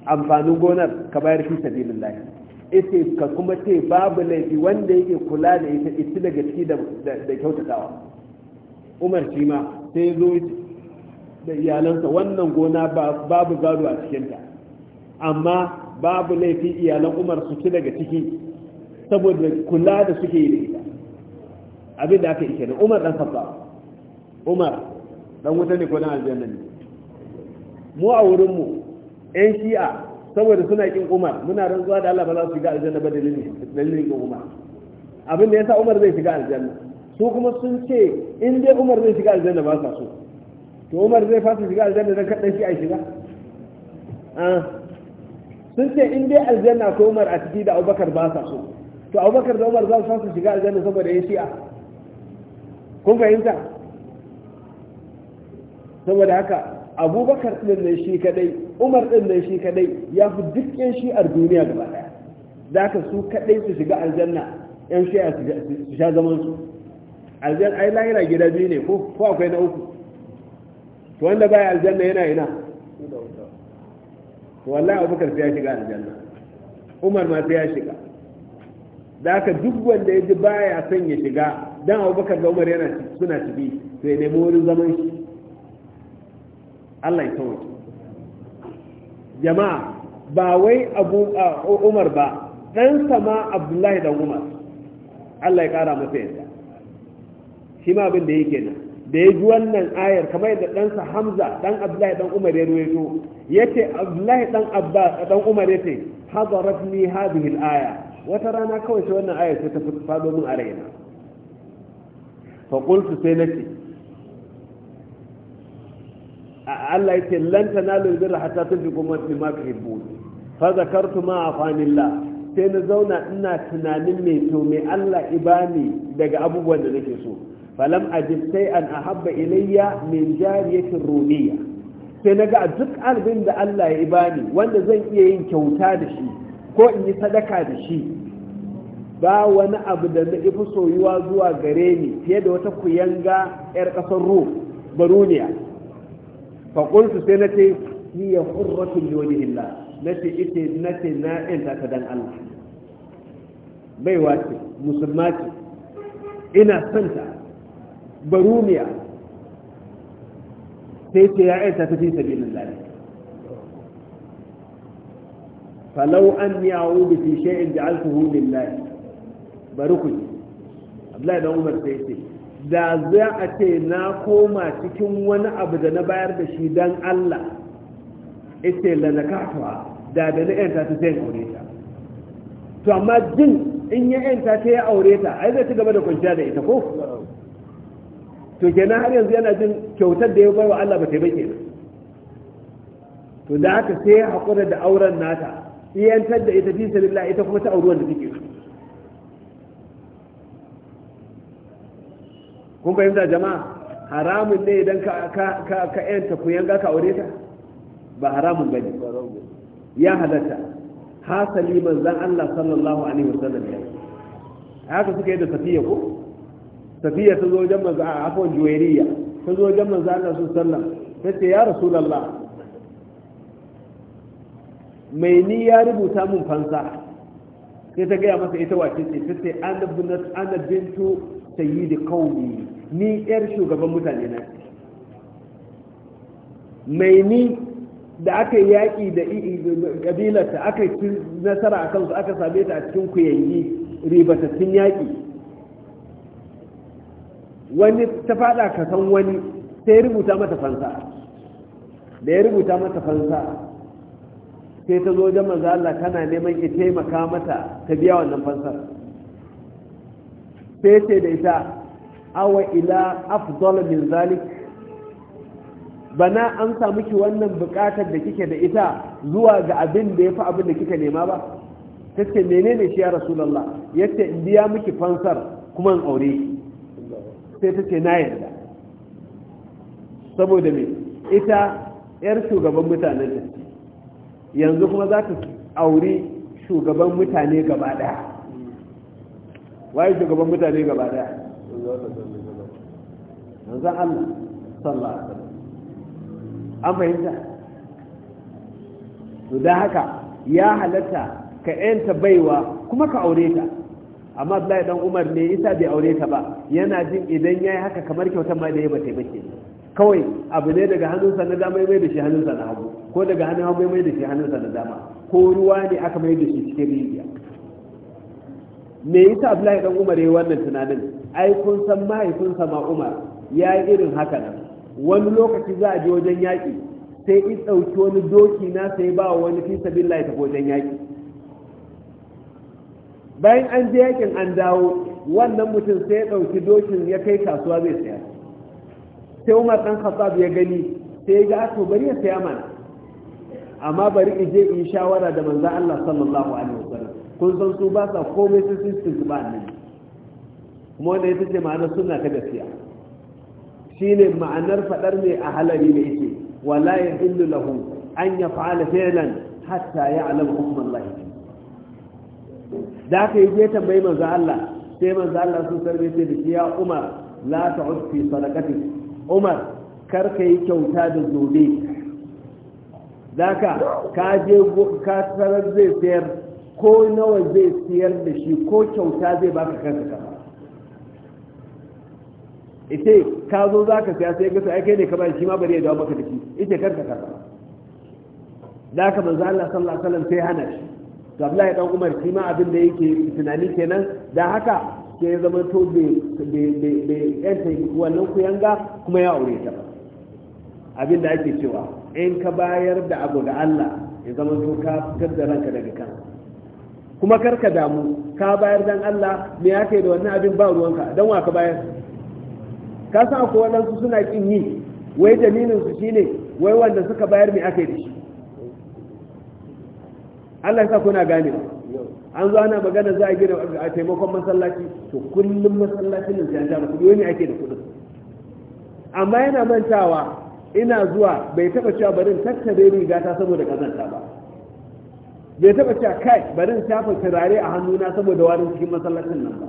amfanin gonar ka bayar fi sabilillah ita ka kuma ce babu laifi wanda yake kula da ita ita daga ciki da kyautatawa umar shi ma sai zo da iyalansa wannan gona babu gado a cikinta amma babu laifin iyalan umar su ci daga ciki saboda kula da suke yi abin da aka ishe da umar dan khattab umar dan wuta ne ko dan aljanna ne mu a wurin mu yan shi'a saboda suna kin umar muna rantsuwa da Allah ba za su shiga aljanna ba dalilin dalilin kin umar abin da yasa umar zai shiga aljanna su kuma sun ce in dai umar zai shiga aljanna ba sa so to umar zai fasa shiga aljanna dan kadan shi a shiga ah. sun ce in dai aljanna ko umar a ciki da abubakar ba sa so to abubakar da umar za su su shiga aljanna saboda ya shi'a kun fahimta saboda haka abubakar din nan shi kadai umar din nan shi kadai ya fi duk yan shi'ar duniya gaba ɗaya, da haka su kadai su shiga aljanna yan shi'a su sha zaman su aljanna ai lahira gida biyu ne ko akwai na uku to wanda baya aljanna yana ina wallahi abubakar sai ya shiga aljanna umar ma sai ya shiga da haka duk wanda ya ji baya son ya shiga dan abubakar da umar yana suna ciki sai nemi wurin zaman shi Allah ya tawo jama'a ba wai abu umar ba dan sama abdullahi dan umar Allah ya kara masa yadda shi ma abin da yake nan da ya ji wannan ayar kamar yadda ɗansa hamza dan abdullahi dan umar ya ruwaito yace Abdullahi dan Abbas dan Umar yace hadaratni hadhihi al-aya wata rana kawai sai wannan aya sai ta fado min a raina fa qultu sai nace Allah yace lan tanalu birra hatta tunfiqu mimma tuhibbun fa zakartu ma afanillah sai na zauna ina tunanin me to me Allah ibani daga abubuwan da nake so falam ajib sai an ahabba ilayya min jariyatin rumiya sai na ga a duk abin da Allah ya bani wanda zan iya yin kyauta da shi ko in yi sadaka da shi ba wani abu da na ifi soyuwa zuwa gare ni fiye da wata kuyanga 'yar ƙasar ruh baruniya faƙultu sai na ce hiya hurratun liwani illa na ce ite na ce na ƴanta ta Allah baiwa ce musulma ce ina santa baruniya sai ce ya aita ta fi sabilin lahi falau an ni a'udu fi da ja'altuhu lillahi bari ku ji Abdullahi dan Umar sai ce da za a ce na koma cikin wani abu da na bayar da shi dan Allah ita lanakatuwa da da na yanta ta sai aure ta to amma jin in ya yanta ta ya aure ta ai zai ci gaba da kwanciya da ita ko to kenan har yanzu yana jin kyautar da ya bai wa Allah ba ta bai kenan to da aka sai ya haƙura da auren nata iyantar da ita fi sabilillah ita kuma ta auruwan da take so kun fahimta jama'a haramun ne idan ka ka ka ka yanta yanga ka aure ta ba haramun bane ya halatta hasali zan Allah sallallahu alaihi wasallam ya haka suka yi da safiya ko safiya ta zo wajen manzo a afwan juwairiya ta zo wajen manzo Allah su sallam ta ce ya rasulullah mai ni ya rubuta mun fansa sai ta gaya masa ita wace ce ta ce ana bintu sayyidi qaumi ni yar shugaban mutane na mai ni da aka yaƙi da ƙabilarta aka yi nasara a kansu aka same ta a cikin kuyangi ribatattun yaƙi wani ta fada ka san wani sai ya rubuta mata fansa da ya rubuta mata fansa sai ta zo wajen manzo Allah kana neman ki taimaka mata ta biya wannan fansar sai ce da ita awa ila afdal min zalik bana an samu ki wannan bukatar da kike da ita zuwa ga abin da ya fi abin da kika nema ba ta ce menene shi ya rasulullah yace in biya miki fansar kuma in aure sai ta ce na yarda saboda me ita yar shugaban mutanen da yanzu kuma za ta auri shugaban mutane gaba daya waye shugaban mutane gaba daya yanzu Allah sallallahu alaihi an fahimta to da haka ya halatta ka yanta baiwa kuma ka aure ta amma Abdullahi dan Umar ne isa bai aure ta ba yana jin idan yayi haka kamar kyautar ma da ya bata ke kawai abu ne daga hannunsa na dama mai da shi hannunsa na hagu ko daga hannun hagu mai da shi hannunsa na dama ko ruwa ne aka mai da shi cikin rijiya me yasa Abdullahi dan Umar yayi wannan tunanin ai kun san mahaifinsa ma Umar yayi irin haka nan wani lokaci za a je wajen yaƙi sai in ɗauki wani doki na sai ba wani fi sabilillah ya tafi wajen yaƙi bayan an je yakin an dawo wannan mutum sai ya ɗauki dokin ya kai kasuwa zai saya sai umar ɗan khattab ya gani sai ya ga ah, to bari ya saya mana amma bari in je in shawara da manzon Allah sallallahu alaihi wasallam kun san su ba sa komai su sun ba ne kuma wanda ya ce ma'ana sunna ta gaskiya shine ma'anar fadar ne a halari ne yake wala yahillu lahu an yaf'ala fi'lan hatta ya'lam hukm Allah da aka yi je tambayi manzo Allah sai manzo Allah sun sarbe sai da ya Umar la ta'ud fi sadaqati Umar kar ka yi kyauta da zobe daka ka je ka sarar zai sayar ko nawa zai sayar da shi ko kyauta zai baka kanka kama ita ka zo za ka siya sai gasa ai kai ne kamar shi ma bari ya dawo maka da shi ita kanka kama da ka manzo Allah sallallahu alaihi wasallam sai hana shi to Abdullahi dan Umar shi ma abin da yake tunani kenan da haka sai ya zama to be bai yanta wannan kuyanga kuma ya aure ta abin da ake cewa in ka bayar da abu ga Allah ya zama to ka fitar da ranka daga kan kuma karka damu ka bayar dan Allah me ya da wannan abin ba ruwanka dan wa ka bayar ka san akwai wadansu suna kin yi wai dalilin su shine wai wanda suka bayar me ake yi da shi Allah ya sa kuna gane an zo ana magana za a gina a taimakon masallaci to kullum masallacin nan sai an tara kuɗi wani ake da kuɗin amma yana mantawa ina zuwa bai taɓa cewa barin tattare riga ta saboda kazanta ba bai taɓa cewa kai barin shafa turare a hannuna saboda warin cikin masallacin nan ba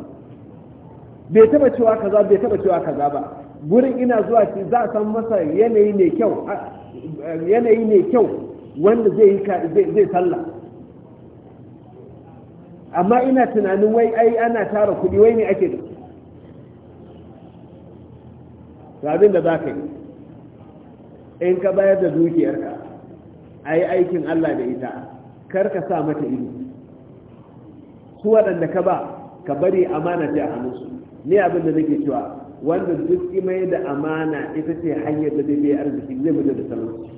bai taɓa cewa kaza bai taɓa cewa kaza ba gurin ina zuwa ce za a san masa yanayi ne kyau yanayi ne kyau wanda zai yi zai sallah amma ina tunanin wai ai ana tara kuɗi wai ne ake da su abin da za ka yi in ka bayar da dukiyarka a yi aikin Allah da ita kar ka sa mata ido su waɗanda ka ba ka bari amana ta a su, ne abin da nake cewa wanda duk imai da amana ita ce hanyar da zai arziki zai mutu da talauci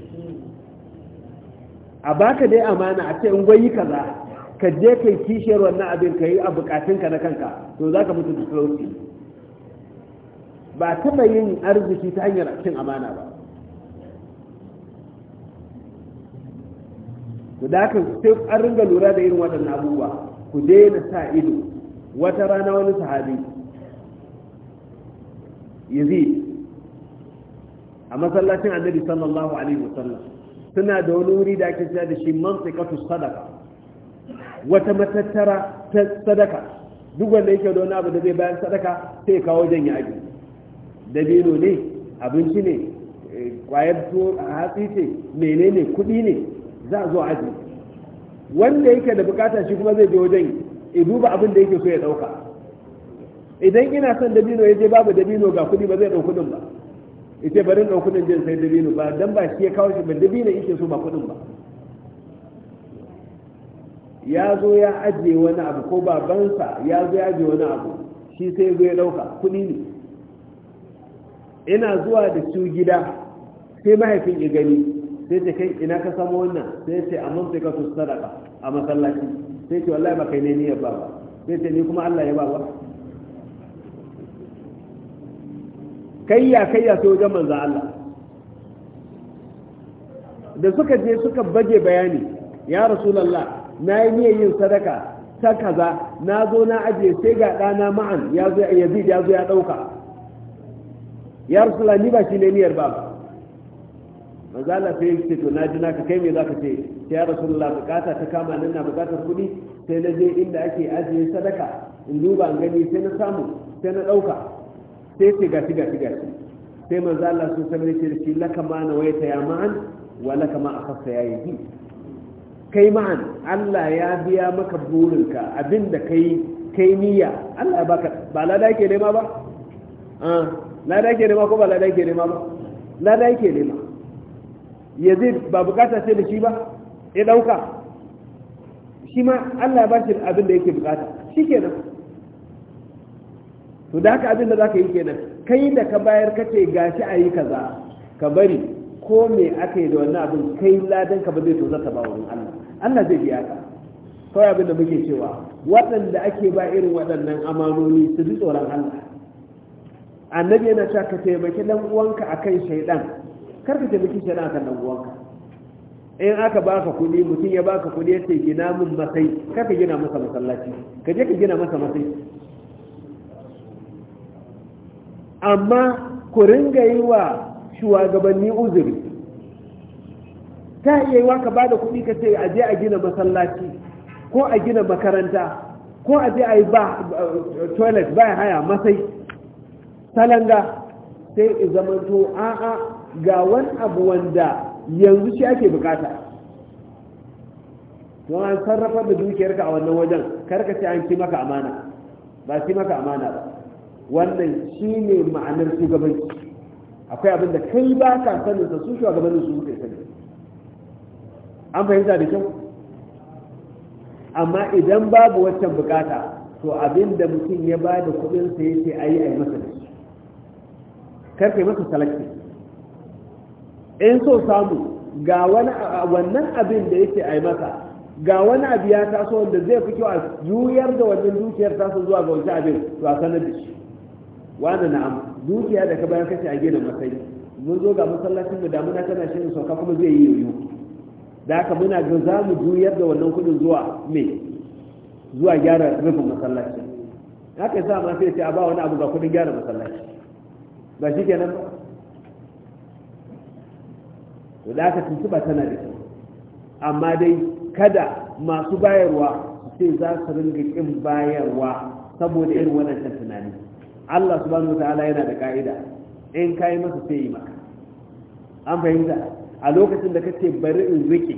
a baka dai amana a ce in gwayi kaza ka je kai kishiyar wannan abin ka yi a bukatunka na kanka to za ka mutu da ba taba yin arziki ta hanyar cin amana ba ku da haka sai an ringa lura da irin waɗannan abubuwa ku daina sa ido wata rana wani sahabi yazid a masallacin annabi sallallahu alaihi wasallam suna da wani wuri da ake cewa da shi mantiqatu sadaka wata matattara ta sadaka duk wanda yake da wani abu da zai bayan sadaka sai kawo jan ya aji dabino ne abinci ne kwayar su a hatsi ce menene kuɗi ne za a zo aji wanda yake da bukata shi kuma zai je wajen ya duba abin da yake so ya ɗauka idan ina son dabino ya je babu dabino ga kuɗi ba zai ɗau kuɗin ba ita barin ɗau kuɗin jin sai dabino ba dan ba shi ya kawo shi ba dabino yake so ba kuɗin ba ya zo ya ajiye wani abu ko babansa ya zo ya ajiye wani abu shi sai zo ya ɗauka kuɗi ne ina zuwa da su gida sai mahaifin ya gani sai ce kai ina ka samu wannan sai ce a mun ka su sadaka a masallaci sai ce wallahi ba kai ne niyyar ba ba sai ce ni kuma Allah ya ba ba kai ya, sai wajen manzo Allah da suka je suka baje bayani ya rasulullah na yi niyyar yin sadaka ta kaza na zo na aje sai ga ɗana ma'an ya zo yazid ya zo ya ɗauka ya rasula ni ba shi ne niyar ba mazala Allah sai ce to na ji naka kai me za ka ce ya rasulullah bukata ta kama nan na bukatar kuɗi sai na je inda ake ajiye sadaka in duba an gani sai na samu sai na ɗauka sai ce shi ga shi sai maza Allah sun sanar da shi laka ma na waita ya ma'an wa laka ma a fassa ya yi kai ma'an Allah ya biya maka burinka abinda kai kai niyya Allah ya baka ba lada yake nema ba ah lada yake nema ko ba lada yake nema ba lada yake nema yazid ba bukata sai da shi ba ya dauka shi ma Allah ya shi abin da yake bukata shikenan to da haka abin da zaka yi kenan kai da ka bayar kace gashi ayi kaza ka bari ko me aka yi da wannan abin kai ladan ka ba zai tozarta ba wani Allah Allah zai biya ka kawai abin da muke cewa waɗanda ake ba irin waɗannan amanoni su ji tsoron Allah annabi yana cewa ka taimaki dan uwanka akan shaidan kar ka taimaki shaidan akan dan uwanka in aka baka kuɗi mutum ya baka kuɗi ya ce gina min masai kar ka gina masa masallaci ka je ka gina masa masai amma ku ringa yi wa shugabanni uzuri ta iya yi ka ba da kuɗi ka ce a je a gina masallaci ko a gina makaranta ko a je a yi ba toilet ba ya haya masai salanga sai i zamanto a'a ga wani abu wanda yanzu shi ake bukata to an sarrafa da dukiyarka a wannan wajen karka ce an ci maka amana ba ci maka amana ba wannan shi ne ma'anar shugabanci akwai abin da kai ba ka sanin sa su shugabannin su suka sani an fahimta da kyau amma idan babu waccan bukata to abin da mutum ya ba da kudin sa yi ayi ayi masa da shi karke masa salakti in so samu ga wani wannan abin da yake ayi masa ga wani abu ya taso wanda zai fi kyau a juyar da wannan dukiyar taso zuwa ga wancan abin to a sanar da shi wani na'am dukiya da ka bayan kashi a gina masai mun zo ga masallacin mu damuna tana shirin sauka kuma zai yi yoyo da aka muna ga za mu juyar da wannan kudin zuwa me zuwa gyara rufin masallaci haka yasa ma sai ce a ba wani abu ga kudin gyara masallaci ba shi kenan ba to da tuntuba tana da kyau amma dai kada masu bayarwa sai za su ringa kin bayarwa saboda irin wannan tunani Allah subhanahu wa ta'ala yana da ka'ida in kai masa sai yi maka an fahimta a lokacin da kace bari in rike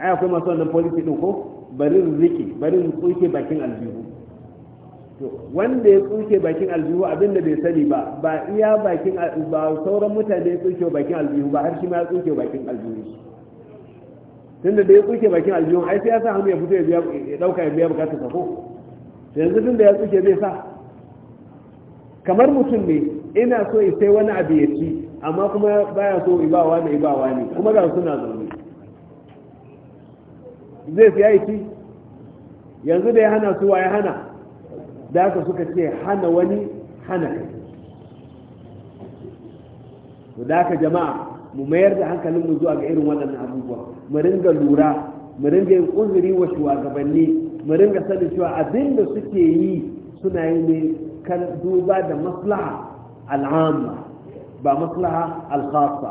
ai akwai masu wannan policy din ko bari in rike bari in tsuke bakin aljihu to wanda ya tsuke bakin aljihu abin da bai sani ba ba iya bakin ba sauran mutane ya tsuke bakin aljihu ba har shi ma ya tsuke bakin aljihu tunda da ya tsuke bakin aljihu ai sai ya sa hannu ya fito ya dauka ya biya bukatar sa ko to yanzu tunda ya tsuke zai sa kamar mutum ne ina so ya sai wani abu ya ci amma kuma baya so ibawa ne ibawa ne kuma da suna zaune zai siya aiki yanzu da ya hana su ya hana da aka suka ce hana wani hana kai to da aka jama'a mu mayar da hankalin mu zuwa ga irin waɗannan abubuwa mu ringa lura mu ringa yin uzuri wa shugabanni mu ringa sanin cewa abin da suke yi suna yi ne kan duba da maslaha al'amma ba maslaha al-khassa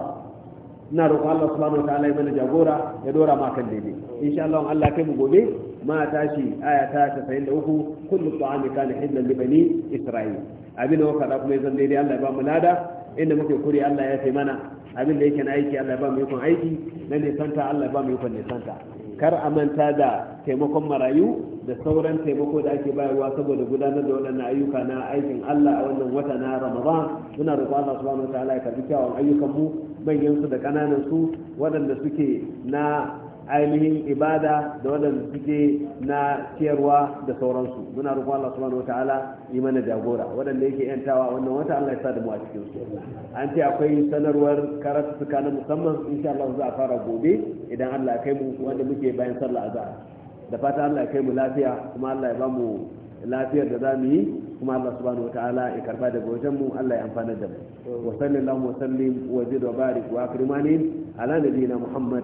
ina roƙon Allah subhanahu wataala ya mana jagora ya dora ma kan daidai insha Allah Allah kai mu gobe ma tashi aya ta 93 kullu ta'ami kana hillan li bani isra'il abin da da kuma zan daidai Allah ya ba mu lada inda muke kuri Allah ya sai mana abin da yake na aiki Allah ya ba mu yakon aiki na nisanta Allah ya ba mu yakon nisanta kar a manta da taimakon marayu da sauran taimako da ake bayarwa saboda gudanar da waɗannan ayyuka na aikin Allah a wannan wata na Ramadan muna roƙo Allah subhanahu wataala ya karbi kyawun ayyukan mu manyan su da kananan su waɗanda suke na ainihin ibada da wadanda suke na ciyarwa da sauransu muna rufa Allah subhanahu wataala yi mana jagora wadanda yake yantawa wannan wata Allah ya sa da mu a cikin su an ce akwai sanarwar suka na musamman insha Allah za a fara gobe idan Allah ya kai mu wanda muke bayan sallah azhar da fata Allah ya kai mu lafiya kuma Allah ya ba mu lafiyar da za mu yi kuma Allah subhanahu wa ta'ala ya karba daga wajen mu Allah ya amfana da mu wa sallallahu wa sallim wa zid wa barik wa akrimani ala nabiyina muhammad